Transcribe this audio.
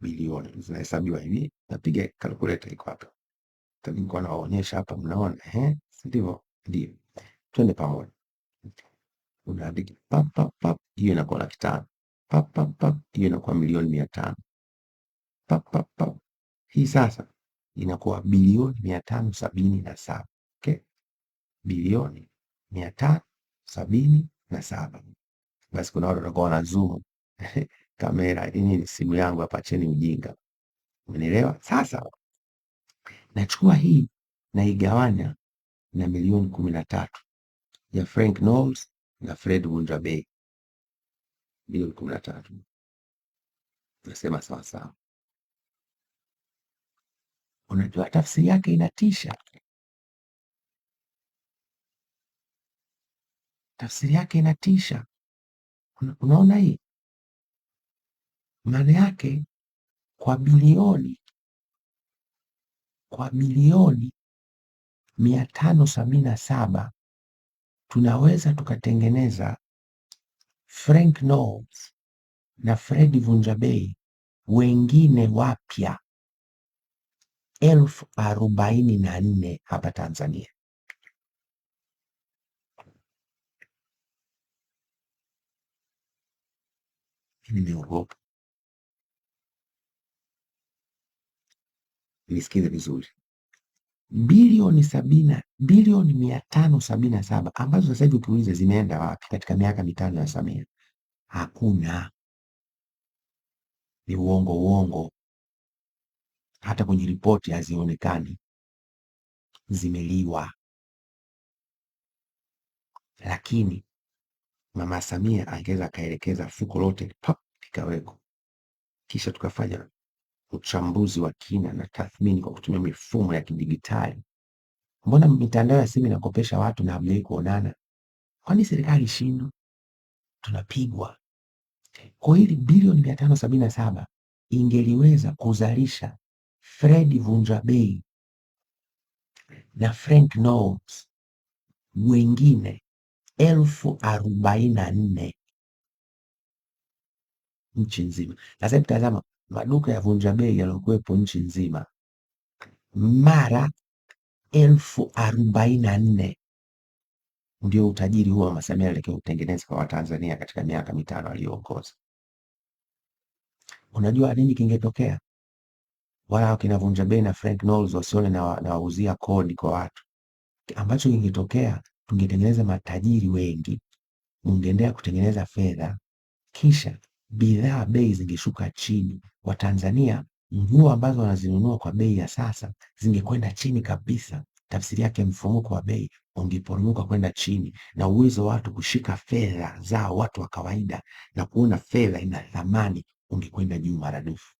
bilioni zinahesabiwa hivi, napiga calculator iko hapa, nilikuwa naonyesha hapa, mnaona eh, ndivyo ndio. Twende pamoja, unaandika pap pap pap, hiyo inakuwa laki tano pap pap pap, hiyo inakuwa milioni mia tano pap pap pap, hii sasa inakuwa bilioni mia tano sabini na saba okay? bilioni mia tano sabini na saba. Basi kuna watu wanakuwa wana kamera, hii ni simu yangu hapa, acheni ujinga. Umenielewa? Sasa nachukua hii naigawanya na milioni kumi na tatu ya Frank Knowles na Fred Wundrabei, milioni kumi na tatu Nasema sawasawa. Unajua tafsiri yake inatisha, tafsiri yake inatisha. Unaona hii maana yake kwa bilioni kwa bilioni mia tano sabini na saba tunaweza tukatengeneza Frank Knowles na Fred Vunjabei wengine wapya elfu arobaini na nne hapa Tanzania. Nimeogopa. nisikize vizuri, bilioni sabina, bilioni mia tano sabini na saba ambazo sasa hivi ukiuliza zimeenda wapi katika miaka mitano ya Samia, hakuna. Ni uongo uongo, hata kwenye ripoti hazionekani, zimeliwa. Lakini mama Samia angeweza akaelekeza fuko lote likaweko, kisha tukafanya uchambuzi wa kina na tathmini kwa kutumia mifumo ya kidigitali Mbona mitandao ya simu inakopesha watu na hamjai kuonana? Kwani serikali shindo Tunapigwa. Kwa hili bilioni mia tano sabini na saba ingeliweza kuzalisha Fred Vunjabei na Frank Knowles wengine elfu arobaini na nne nchi nzima. Sasa tazama, maduka ya vunja bei yaliyokuwepo nchi nzima mara elfu arobaini na nne ndio utajiri huo Mama Samia alitakiwa kutengeneza kwa Watanzania katika miaka mitano aliyoongoza. Unajua nini kingetokea? Wala wakina Vunja Bei na Frank Knowles wasione nawauzia na kodi kwa watu. Ambacho kingetokea, tungetengeneza matajiri wengi, ungeendea kutengeneza fedha, kisha bidhaa bei zingeshuka chini. Watanzania nguo ambazo wanazinunua kwa bei ya sasa zingekwenda chini kabisa. Tafsiri yake mfumuko wa bei ungeporomoka kwenda chini, na uwezo wa watu kushika fedha zao, watu wa kawaida, na kuona fedha ina thamani ungekwenda juu maradufu.